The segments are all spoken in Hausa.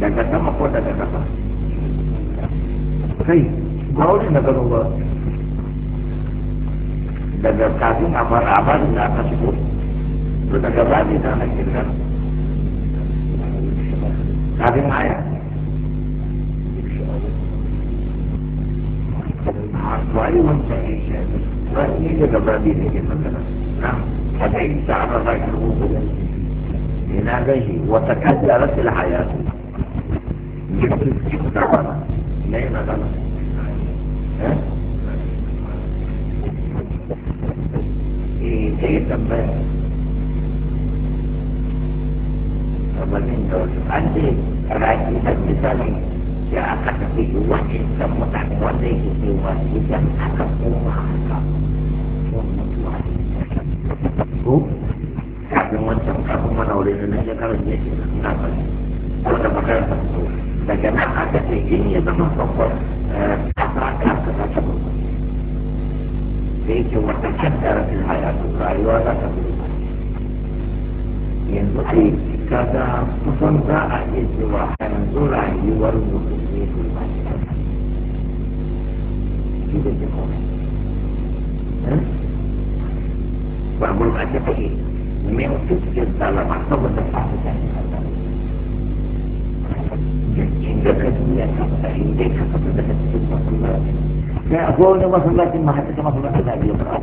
daga sama ko daga kasa kai ba wani daga ba daga kafin a fara abarin aka shigo to daga bani da na kafin haya wani wancan ya shi wani daga ke magana فإن تعب غيره من عليه وتكدرت الحياة جبت تعبنا نعم غلط ايه ايه تنبه ومن دول عندي رأيي المثالي يا أخذتي وحي ثم تحت وحي في تحت وحي ثم تحت وحي ko kafin wancan kafin mana wurin na shekarar ne na fari wanda makaranta so daga nan aka ce in ya zama babban eh, kasa ka kasa ta babban da yake wata kaddara fil hayatu rayuwa za ta fi yanzu ai kaga kusan za a iya cewa yanzu rayuwar mutum ne su ba shi da ke kome وأقول لك أنت إيه لما يوصلت كده أنا بعتبر ده صعب عندك عندك حصلت لك لا أقول ما صليت ما حتى ما صليت لا يقرأ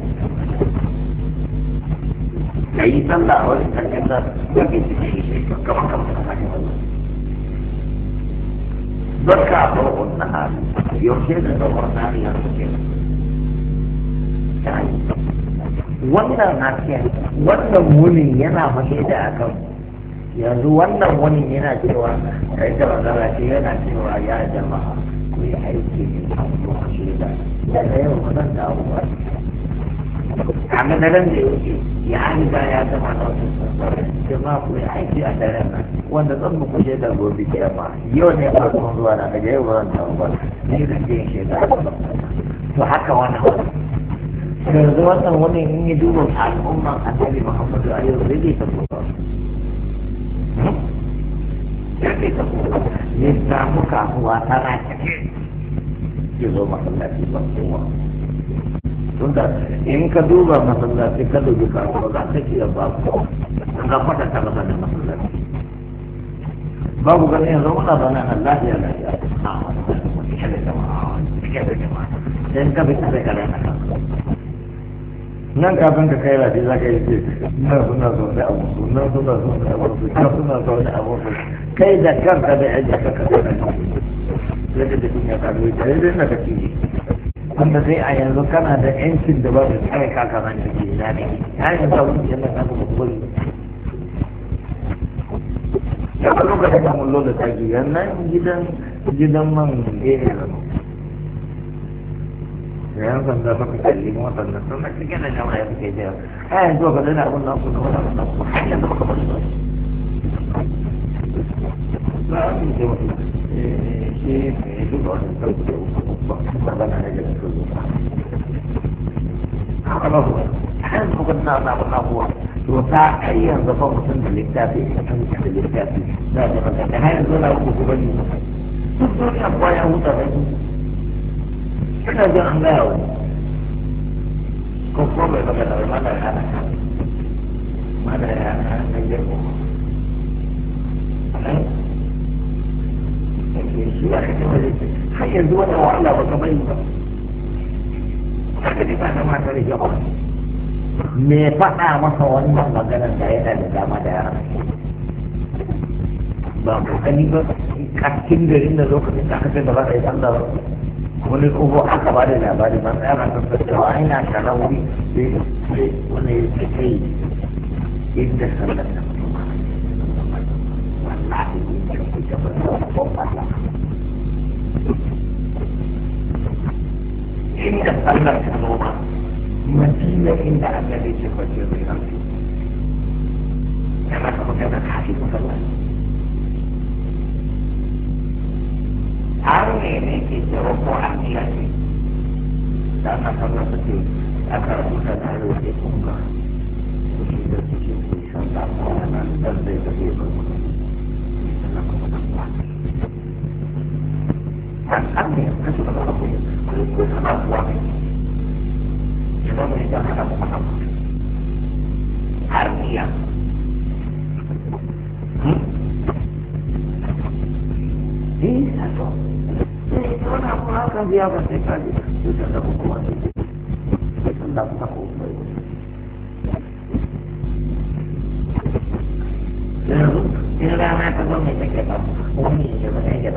عيسى الله ولا كذا لكن كما كما بركع طرق النهار يرشد النهار يرشد يعني wannan hasken wannan munin yana fashe da aka yanzu wannan munin yana cewa kai da magana ce yana cewa ya jama'a ku yi aiki ne a lokacin da daga yau ba zan dawo ba amma na ran da yake ya riga ya zama na wasu jama'a ku yi aiki a daren nan wanda zan mu kushe da gobe kiyama yau ne farkon zuwa na daga yau ba zan dawo ba ni zan je shi da to haka wannan yanzu wannan wani in yi duba al'umman annabi muhammadu a yau zai ta kuka zai ta kuka ya samu ta rakake zo masallaci ba kowa tunda in ka duba masallaci ka dubi kasuwa za ta kira ba ka ga ta masa da masallaci babu ganin yanzu muna zana na lafiya a wani wani wani jama'a wani jama'a sai ka bi ta zai kare na kanka nan kafin ka kai rafi za ka yi ce nan suna zaune a wasu nan suna zaune a wasu nan suna zaune a wasu kai da kanka da yaji ka kasa da nan sai da jikin ta yi dai na kake yi wanda sai a yanzu kana da yancin da ba da kai ka nan da ke da ne ya yi da wuce yana kan ku kuri ya kuma ka da mun lola ta gidan nan gidan gidan man ne eh, da yan sanda suka kalli waɗannan sun na cikin da jama'a ya suke jiya a yanzu ka zina abin da su kawai abin da su har yanzu baka bari ba ba a cikin jama'a shi ne duka wajen sauki da uku ba ba na rage da su zuwa haka ba kuwa yanzu kuka na na abin na kuwa to ta ai yanzu fa mutum da littafi ka san da littafi za ka ga har yanzu na uku ba ne duk duniya kuwa ya huta da su ina jin an gaya wani ko kuma bai magana ba ma da ya hana ma da ya hana ka kan jirgo shi ba ka taɓa zai har yanzu wani wahala ba ka bari ba haka ne ba na mata da yawa me faɗa masa wannan maganar da yana da dama da yara ba ni ba kaskin garin da lokacin da aka ce da ba ka yi Allah ba wani tsoho aka ba da labari ba tsaya ban tattattawa a ina shara wuri sai wani ya ce kai inda sallar da wallahi ne ku ta ban san inda sallar ta zo ba madina inda annabi ce kwace zai rafi da maka magana kafin sallar har ne ne ke cewa ko an iya ce da aka kama suke aka rubuta da yau ke kunga su shi da ke su shan da kuma nan dan zai da zai bar mutum sannan kuma nan ba an an ne ka su da ba ku ko ko kana kuwa ne idan mun ga hada kuma nan har ne ya san biya ba sai ka ji da hukuma ce ce sai sun da ko bai yanzu in rana ta zo mai take ba wani ya zama ya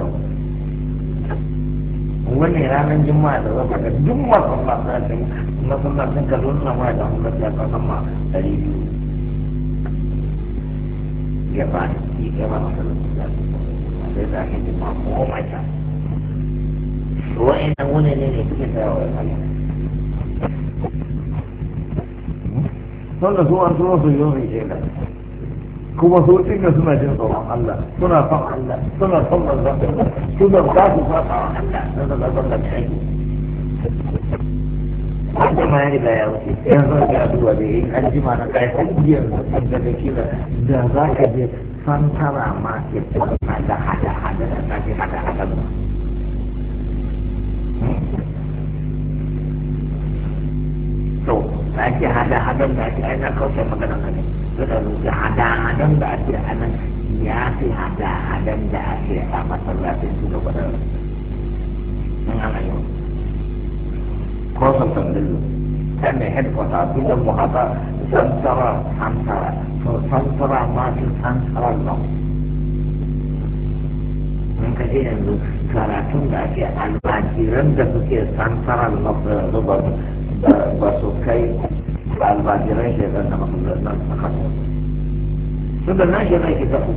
wani ranar juma'a da zama ga duk ka zo na da hankali ya biyu ya sai za ka wa'in wani ne ne suke tsaya da sun da su an turo su yi wani shaida kuma su ɗinka suna jin tsoron Allah suna son Allah suna son manzan suna ba su fata wa Allah suna da son da shaidi wanda ma ya riga ya wuce yanzu ya duba da yi an jima na kai kungiyar da da kila da za ka je santara market na da hada hada da ta hada hada da ake hada-hadan da ake aina kawai magana ka ne suka rufe hada-hadan da ake anan ya fi hada-hadan da ake a masallacin su da gudanar in ana yi ko sautan ta mai headquarter su muhata santara santara to santara ma su santara nan in ka yanzu karatun da ake albajiran da suke santara nan zuba ba su kai albajiran shekar da mahimman nan a kasa su da nan shekar ke zafi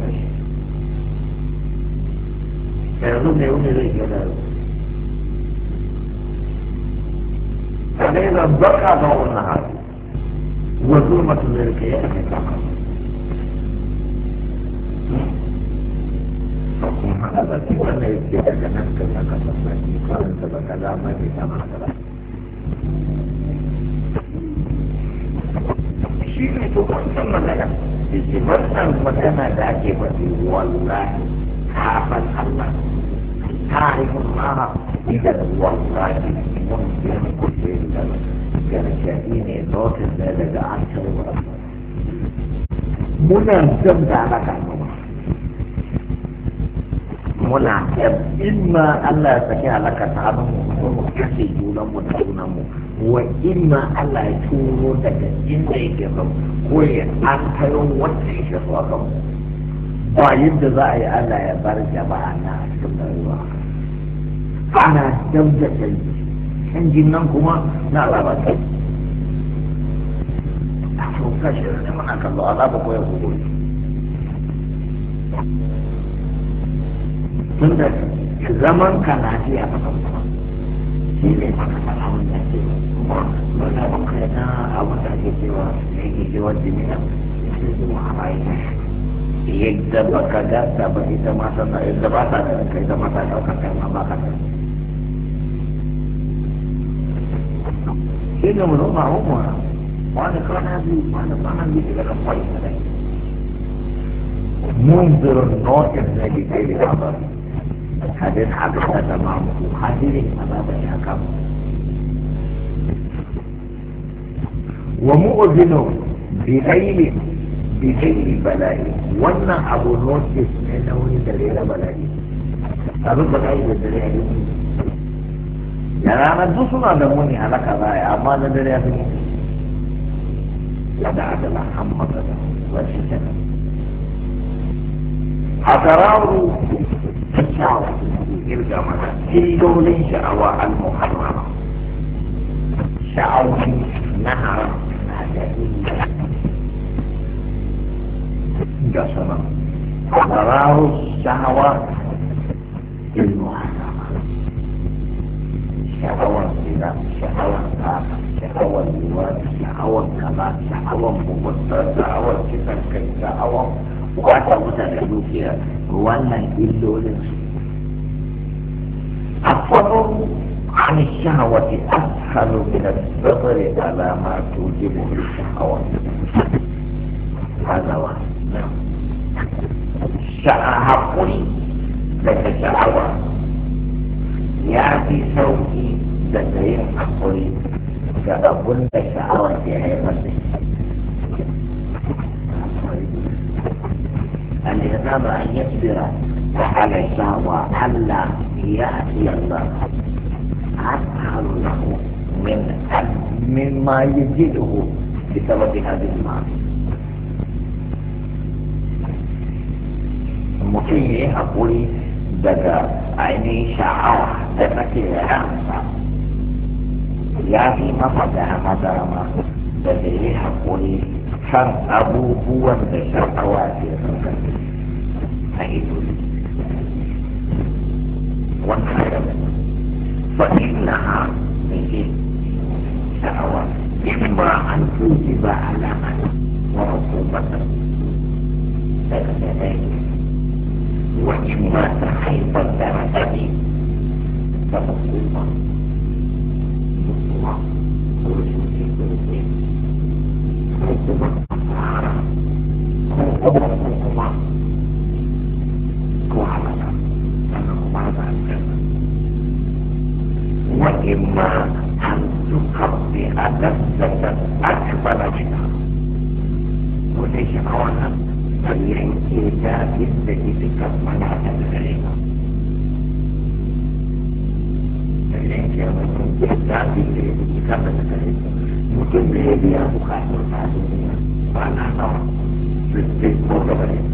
da yanzu ne wani zai ke da yau ne na baka ba wani hali wanzu masu zai ke yi a kai da wannan yake daga nan kan aka sassaki kawai da baka dama ne sama da ba shi ne to wancan magana yake wannan magana da ake faɗi wallahi hafan Allah tarihin mara idan wallahi mun biyan kuɗe da gargaɗi ne notin da daga an tarwa muna jam da alaƙa muna jam in ma Allah ya saki alaƙa ta hannun mu mu kashe junan mu da junan mu wa imma Allah ya turo daga inda yake kan ko ya an tayo wanda yake so kan ba yadda za a yi Allah ya bar jama'a na cikin rayuwa ana dab da canji canjin nan kuma na lalata a so kashi da muna kallo azaba ko ya kogo tun da zaman ka lafiya ta kan shi ne ka kasa wanda يجي يودي منها yadda ba ka gasa ba ita ma sana yadda ba ta da ka ita ma ta ɗaukar kai ma ba ka da shi ne mu zama homo wani kwana biyu wani kwana biyu daga kwai na dai منذر الناطق الذي بغير خبر حديث حدث تمامه حديث أمامه يا كامل ومؤذن بليل بليل بلاء وانا ابو نوتس انه دليل بلاء abin da kai da dare ne da ranar duk suna da muni halaka baya amma da dare ya fi da da adala hammata da wasu kenan a tararu kyakkyawa irga mata illolin sha'awa al-muharrama sha'awa na haram انكسر تراه الشهوة المحرمة شهوة الزنا شهوة الطاقة شهوة اللواء شهوة الكمال شهوة مبطل شهوة كتابك شهوة وحتى متغنوا فيها وانا يقولوا الصبر عن الشهوة أسهل من الصبر على ما توجبه الشهوة هذا واحد نعم سأهقني لتتعوى يأتي سوقي لتيحقني فأقول لتعوى في عيبتي الإمام أن يصبر على الشهوة ألا يأتي الله أطهر له من مما يجده بسبب هذه المعصية مطيع أقولي بدا عيني شعر دمك الهامة يا يعني في مطدع مدامة بدري أقولي كم أبو هو بشر قوادر وانخير وانخرم فإنها من شعر إمرا أن توجب علامة من ورقوبة فإنها وإما تخيط الدرجة فتصيبا بالصلاة ورسول الكريم فتصيبا الطهارة فتصيبا الطهارة وعلى أنه بعد الجنة وإما أن تقضي لذة أكبر منها وليس أولا bagian kita identifikat mana satu mereka. Mereka menunjukkan identifikat mana mereka. Mungkin media bukan bersatunya. Mana tahu? Sistem foto mereka.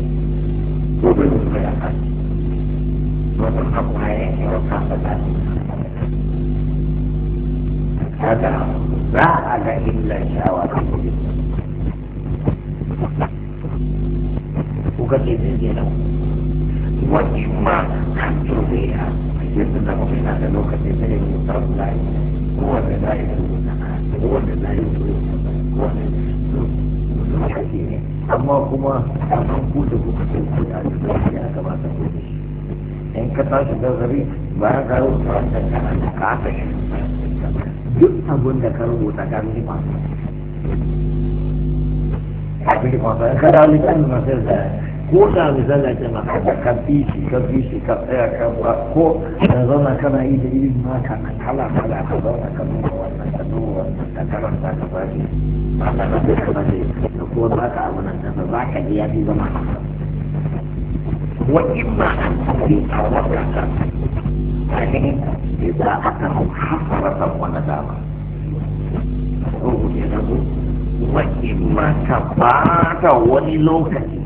Kubur mereka. Mereka apa yang mereka berlaku. Ada, tak ada illa syawal. Thank you. kashe biyu ke nan wani ma kan turbe ya yadda na kuma yana da lokaci da yin mutum layi kowane layi da rubuta kowane layi da rubuta kowane sun kake ne amma kuma a kan ku da kuka ce ku a cikin ya kamata ku da shi in ka tashi gazari bayan ka rubuta wanda kana da kasa shi duk da ka rubuta ka rubuta abin da kwasa ka dawo littafin masu da ko da misali ake na haka ka bi shi ka bi shi ka tsaya ka ba ko da zauna kana yi da irin maka na kala kala ka zauna ka nuna wannan ka nuna wannan ka karanta ka ba shi ba ka na da ka ba shi da ko za ka abu nan da za ka ji ya fi zama wa imma an tafi a wata ka ne idan aka hasaratan wani dama ruhu ne na wa imma ka ba ta wani lokaci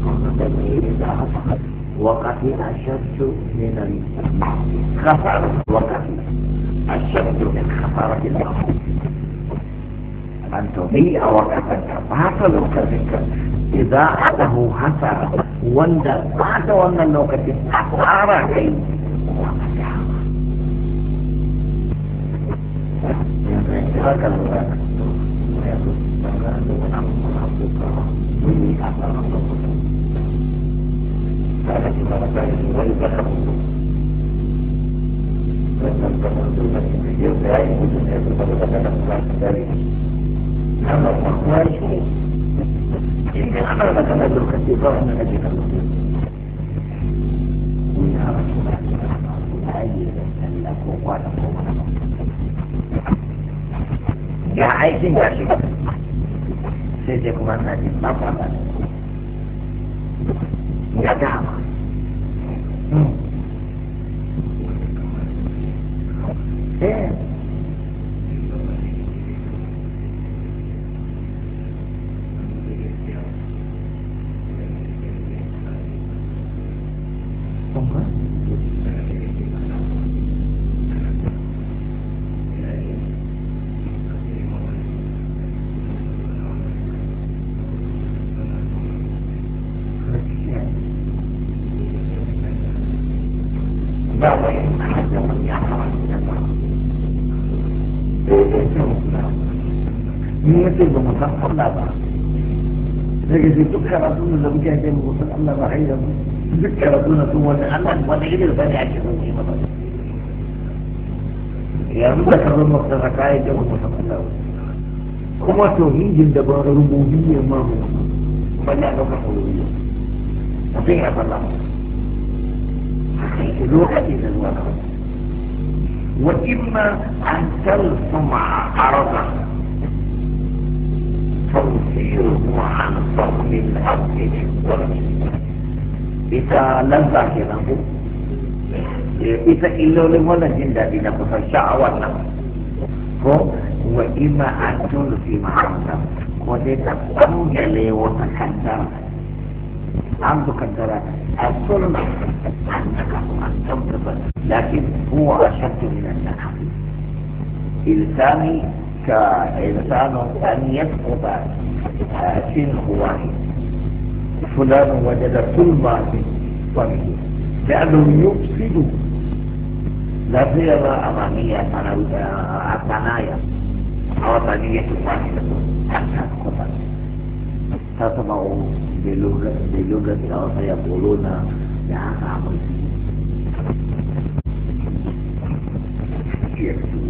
إذا خفقت الشمس من الخفر وقفل الشمس من خفرة الأرض أن تضيء وقفتك هذا كذلك إذا أده حسر وندى بعد وأن اللوكة أثار كي Thank you. Ya aikin ya shi sai dai kuma na jin ba kwa ba ya dama eh قبل ظهر لكن في ذكر دون لو جاء جاء الغسل الله رحيم ذكر دون ثم الحمد والعلم البدع يا ذكر الله في ركعه جاء الغسل الله كما توهين جلد بار الربوبية ما هو فلا نفع الربوبية نصيحة الله حقيقة الوقت إلى الوقت وإما أن تلصم عرضه توزيعه عن صرف الأرض للظلم إذا لم تكن إذا إلا لولا جندا بنا فشاء والنفس ko wa ima an tulu fi ma'amta ko dai ta kungale wata kaddara an bu kaddara a sulma an naka an tabbata lakin huwa ashaddu min an-nakafi ilsani كإنسان أن يسقط سنه واحد فلان وجد ثلما في فمه لأنه يفسد لا سيما أمامية الثنايا أو ثنية واحدة حتى تقطع تسمع بلغة بلغة أو سيقولون لها عمل يكتب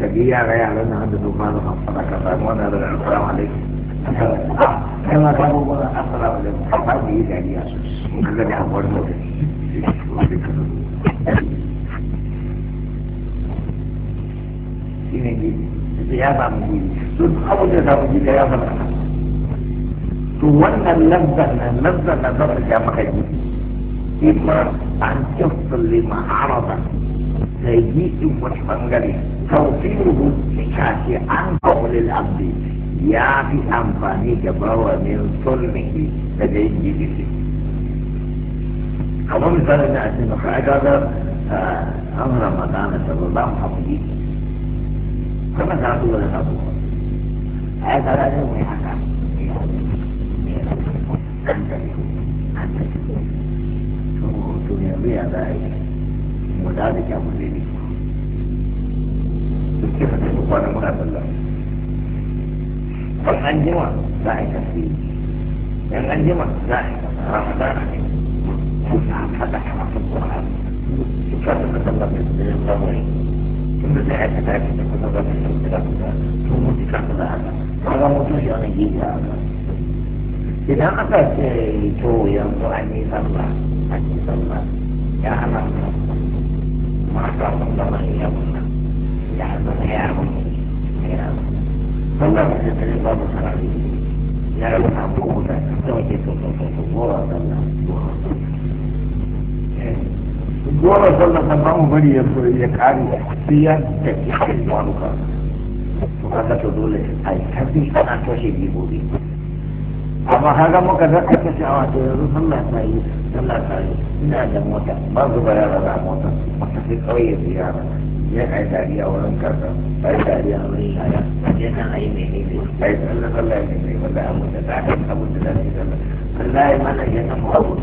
kaji yara yara na da duba da hafara ka samu wani da assalamu alaikum kana ta gobe da assalamu alaikum ka ba yi dariya su kaga da abuwar mutum shine ne ya samu guri su abu da samu guri ya fara to wannan lazzan nan lazzan nan zaka ga maka guri imma an kyautsa lima araba sai yi in wani bangare توصيله بالشاشي عن قول الأبدي يا في أنفاني جبوة من صلمه لدي جديده خلال مثال أن أسنى خائد هذا أمر مدانة الرضام حقيقي كما ذات ولا تبوه هذا لا يوم يحكى أنت لكم أنت لكم ثم قلت لي هذا مدادك أبو duka da su kwanan sallah an jima za a yi yan an jima za a yi ne sa a kwanan su ka suka da su yin zamani tun da aikata da su da da haka wani a haka idan aka ce to yanzu an yi sallah an yi sallah ya mata mun يحفظ حياهم فالله حتى الإمام الخرعي يعلم حقوقنا توجد الله Dole sallah kan ba mu bari ya ya kare sai ya da cikin waruka. To kaga to dole ai kafin ana toshe bibobi. amma kaga muka zaka ta sha'awa to yanzu sallah ta yi sallah ta yi ina da mota ba zuba yara da mota wata sai kauye ziyara yana yi dariya wurin karfa a yi dariya wurin yaya yana a yi mene ne a yi tsallan sallah ne mai wanda an mutu ta kan abin da zai sallah Allah ya mana yana mawa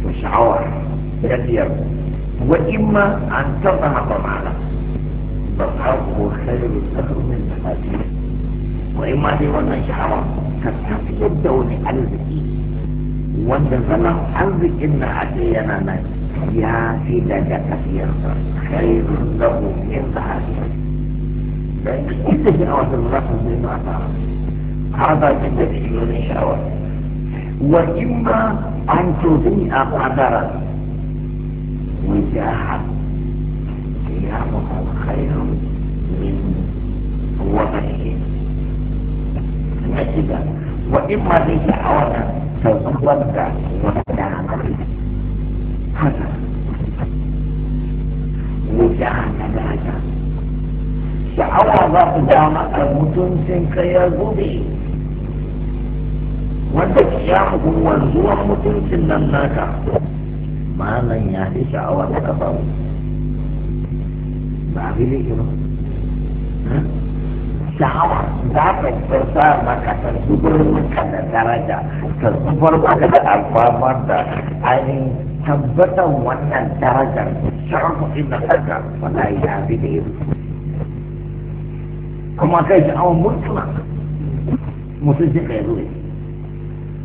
to sha'awa ya biyar wa imma an taɓa haɓa ma'ana ba ka ko khairu sakar min fati wa imma dai wannan sha'awa ka tafiyar da wani arziki wanda zaman arzikin na a yana nan في لك كثير خير له من ذهبه لكن إذا شهوة الرسل بما هذا من تبشير الشهوة وإما أن تضيء قدرا وجاهك قيامه خير من وطنه نجد وإما لشهوة تضربك وتدعمك haka wuta na gata sha'awa ba ku dama a mutuncin ka ya zube wanda hukumar wanzuwan mutuncin nan naka malam ya fi sha'awa da ka samu ba fi liki ba sha'awa za ka tsarsa maka ta zubar maka da daraja ta zubar maka da alfamar da ainihin ثبتا وان درجا شعب ان حجا ولا اله بهم كما قلت او مطلق مطلق غيره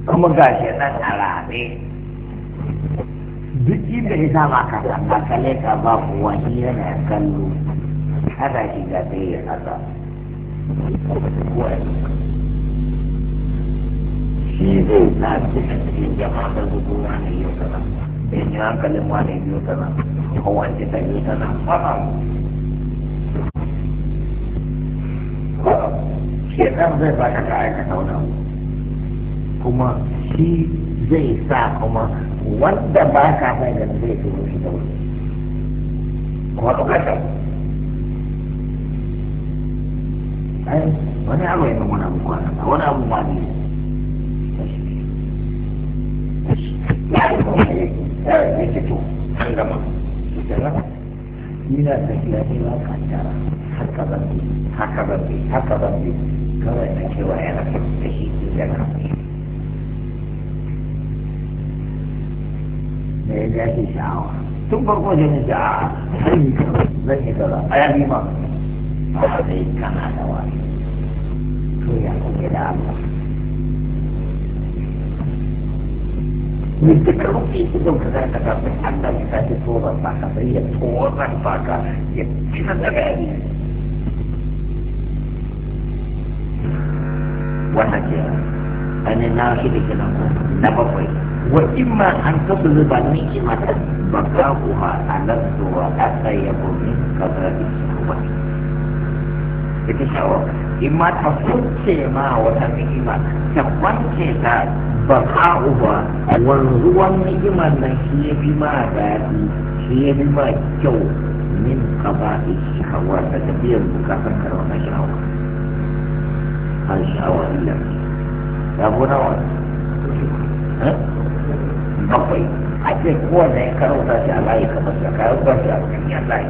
كما قلت انا سلامي بكي بحساب اكثر ما كليك باب وهينا كلو هذا شيء كثير هذا شيء زي ما تسمى في جماعة القرآن يوسف in eh, yi hankalin wane biyu ta nan ko wance ta biyu ta nan shekan zai baka ka aikata wani abu kuma shi zai sa kuma wanda ba ka mai da zai turo shi da wani kuma ɗaukata ai wani abu ya nuna wani abu wani abu ma ne ya ce to an gama su jarraba ina tafiya ka jara haka ba bi haka ba bi haka zan bi kawai ta kewa yana da shi da na me ya dace sha'awa tun farko zai ni da zan yi kaza zan yi kaza a yabi ma ba zai kana da wani to ya kuke da Allah يفتكروا في كلهم كذلك تربي حتى يفاتي صورة طاقة هي صورة طاقة يبتسم الزبادي وحكي أنا ناخد كلام نبوي وإما أن تصل نعمة بقاؤها ألذ وأتى يكون من كثرة الشهوات. بتشعر in ma ta kuce ma wata ni'ima ta kwance ta ba ka'u ba wanzuwan ni'imar nan shi ya fi ma daɗi shi ya fi ma kyau min kaba'i shawar da tafiyar bukatar karwa na shawar har shawar ilar ya bu nawa eh? bakwai ake kowane ya karauta shi a layi kamar shi a karauta shi a cikin layi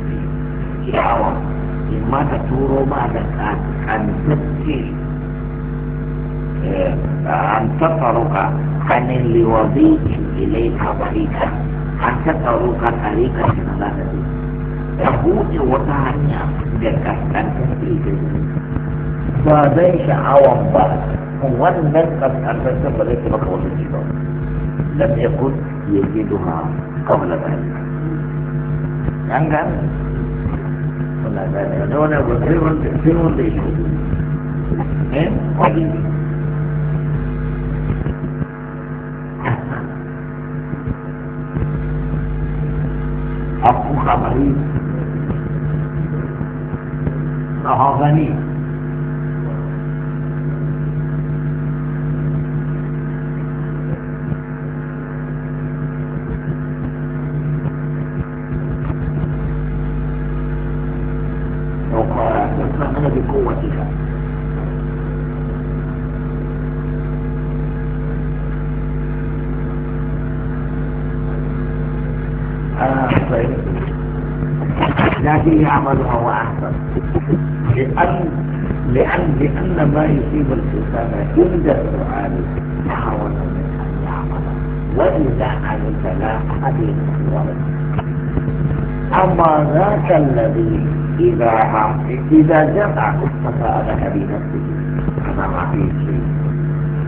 ciyawa in ma ta turo ma da kantacce an tafaruka kanin liwazi ilai ka barika an tafaruka tarika shi na ladabi ta buɗe wata hanya da kaskantacce da ba zai sha'awan ba wannan kaskantacce ba zai taɓa kawo da ba لم يكن يجدها قبل ذلك. أنقذ Allah ya da wani abu sai الذي يعملها وأحسن لأن لأن لأن ما يصيب الإنسان عند السؤال تحاول من أن يعمل وإذا عملت لا أحد يتحول أما ذاك الذي إذا إذا جمع فسألك بنفسه أنا ما في شيء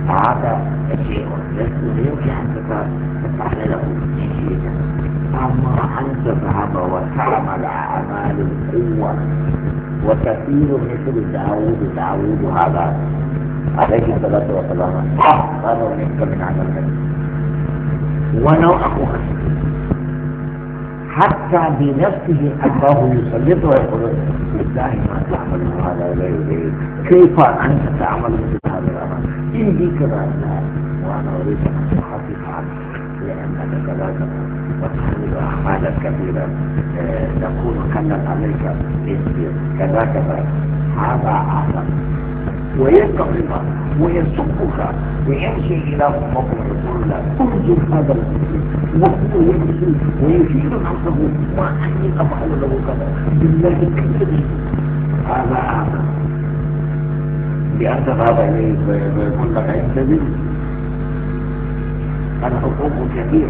هذا شيء لست يمكن أن له شيئا أما أن تذهب وتعمل أعمال القوة وكثير مثل داوود داوود هذا عليه الصلاة والسلام أفضل آه، منك من عمل ولو أقوى حتى بنفسه الله يسلط ويقول بالله ما تعمل هذا لا يريد كيف أنت تعمل مثل هذا الأمر إن ذكر الله وأنا أريد أن أحافظ عنه لأنك لا تفعل وتحمل كبيرة تكون آه، كانت عليك كذا كذا هذا عسل وينتقمك ويسبك ويمشي الى فوقه ويقول له انظر هذا المسلم وهو يمشي ويشيل نفسه واني افعل له كذا بالله كبير هذا أعظم لان هذا يقول لك انت مني الحقوق كثير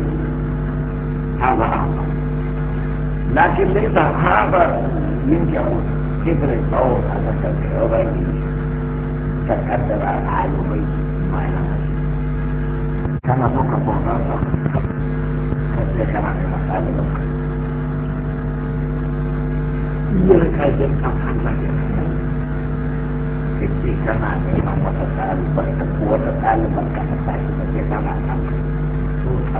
هذا أعظم لكن ليس هذا يمكن كبر الصور هذا تجربة تتأثر على العالم بيت ما إلى كان فوق فوق قد ذكر عن المسألة يركز الأمحن لك كتير كما عندما وتسأل بركة وتسأل بركة حتى يتسأل عن أمحن شو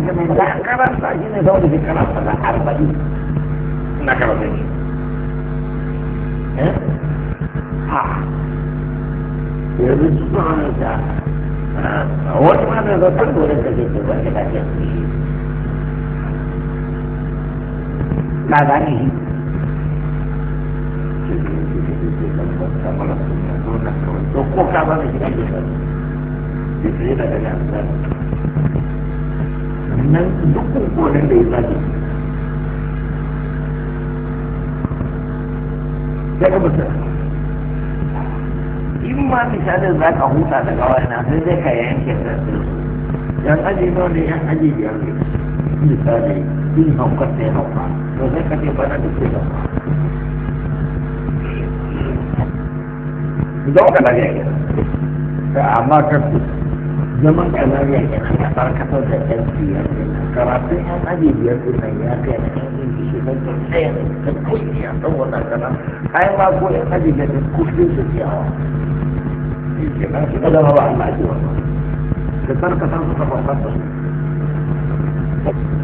annabi da karanta shi ne saboda shi karanta da wani ma da zata gore ka ce ce na wannan dukkan koren da ya zage daga mutum in ma misalin za ka huta daga wannan sai zai ka yanke da su yan aji nawa ne yan aji biyar ne misali in haukar ta ya hauka to zai ka ce bana da da hauka don ka lafiya ke amma kan zaman ka lafiya a karkatar da yan biyar karatun yan aji biyar dinnan ya kai na yan inji shi na tsaye da kuɗi a san wannan kana ai ma ko yan aji biyar din kuɗin su ciyawa shi na shi kada ba Allah ji wannan da karkatar su ta bambanta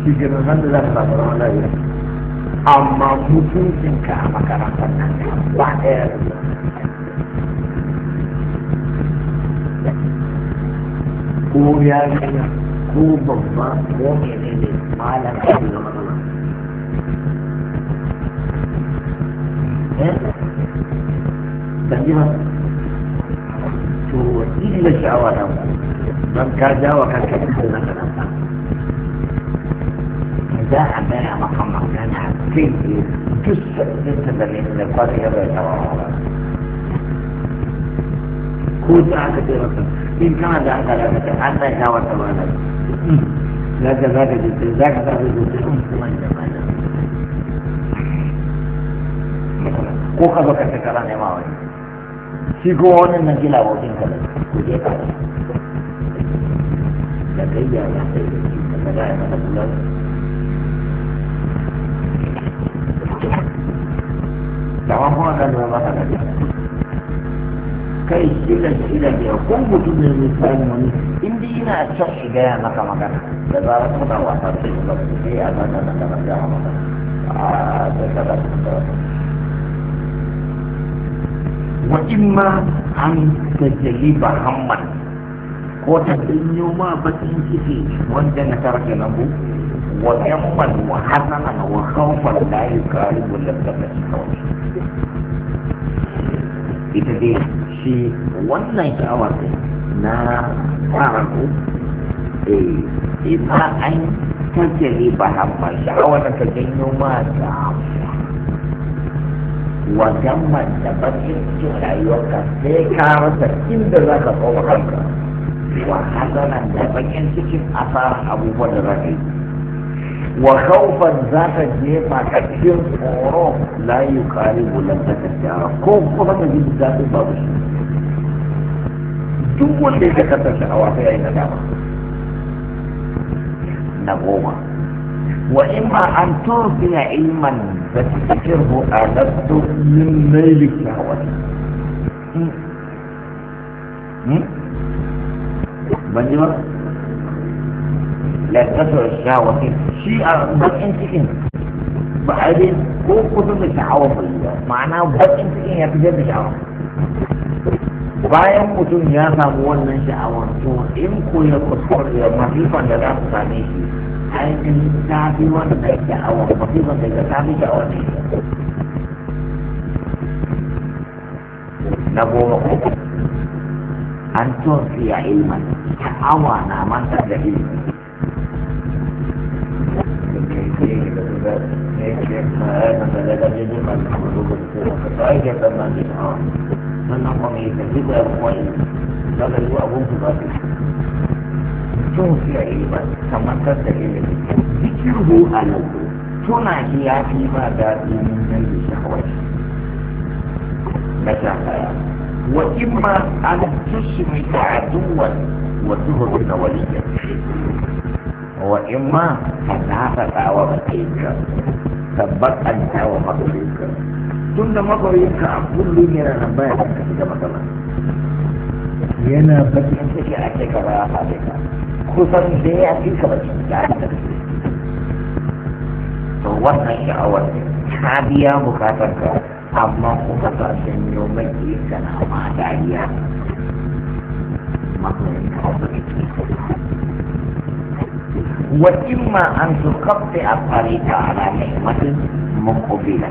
shi ke nan hannu za ka samu rawan lafiya amma mutuncinka a makarantar nan ba ɗaya da ko ya kana ko babba ko ne ne malam kan da magana eh dan ji to illa sha'awa da dan ka jawa kanka cikin nan kana da a baya maka magana kai ne duk sabbin da ne da kwarai ya bai tawa ko ta aka ce maka in kana da haka da kake Allah wata mana zaka zaka ji zaka zaka ji kuma da mana ko ka zo ka ta kara nema wani shi ko wannan nan gila wakin ka ne ko je ka da kai ya na kai da shi ka ga ya na kula da wannan kuma kan da ba da kai kiran kiran da ko mutum ne mai kayan wani in dai yana can shiga ya maka magana da zarar kuna wasa sai ku gaba sai ya zaka da kana da maka a da kada wa imma an tajliba hamman ko ta dinyo ma bakin kifi wanda na tarke lambu wa yamman wa hasanan wa khawfan la yukaribu lak kawai ita dai ce wannan sha'awar ne na ku eh ba an tattali ba hamma sha'awar da ka janyo ma da wajen da bakin cikin ka sai ka rasa inda za ka koma kanka wa hasanan da bakin cikin asarar abubuwan da za ka yi wa khawfan za ka je jefa ka cikin tsoro la yuqaribu lan tatajjara ko kuma ka ji zaɓi babu shi duk wanda ya kasar sha'awa sai ya yi nadama na goma wa in ma an tofiya ilman da cikin hu'alattu min naili sha'awati ban ji ba la kasar sha'awati shi a bakin cikin ba a ko kusa da sha'awa bai yi ba ma'ana bakin cikin ya fi da sha'awa bayan mutum ya samu wannan sha'awar to in ko ya kuskure ya masifan da za su same shi ainihin ta fi wannan sha'awar masifan da ta fi sha'awar ne na goma uku an tosiya ilman sha'awa na mantar da ilmi Thank you. من هو يتجد أبوالي بغل وأبوم تبادل توفي عيبا تمتد إليك ذكره أنا تنا هي في بادات من جنب شهوات بس وإما أن تشرك عدوا وتهرب وليا وإما أن تعرف أو تبقى أنت أو Tunda da makoyinka a kullum yana nan baya kan ka shiga matsala yana bakin ciki a ce ba a ce ka kusan da ya fi ka baki ya fi to wannan sha'awar ta biya bukatar ka amma kuka sa janyo maki kana ma dariya makoyinka a bakin ciki وإما أن تقطع الطريق على نعمة مقبلة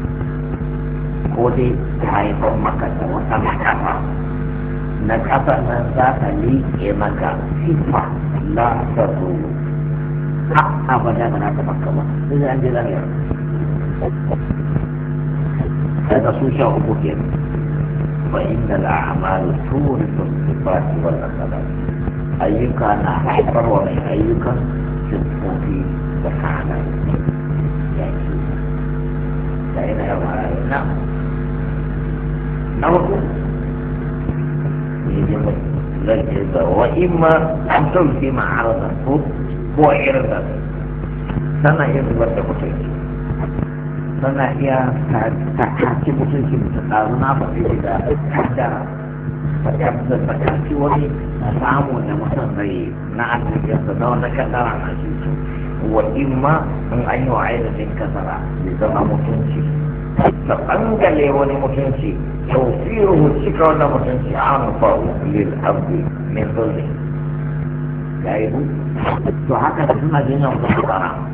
kodi dai ta haifar maka da wata nakasa nakasa nan za ta liƙe maka sifa la ta zuru a abada ba na ta maka ba sai da an je lahiyar daga su sha uku ke ba ba فإن الأعمال تورث الصفات والأخلاق أيك أنا أحضر ومن أيك تتوفي وتعالى يعني لا إله إلا na na wasu zai ce sa wa in imma an tauke ma arza ko ko da tana iya zubar da mutunci tana iya ta kaci mutunci mutum ɗazu na faɗi da kaddara da tsakaci wani samu da mutum zai na arzikinsa na wani kasara na shi wa in ma in an yi wa ainihin kasara zai zama mutunci ta bangale wani mutunci tausiruhu cika wannan mutunci a faru lil abdi min zulmi yi ibu to haka suna jin yawan kuma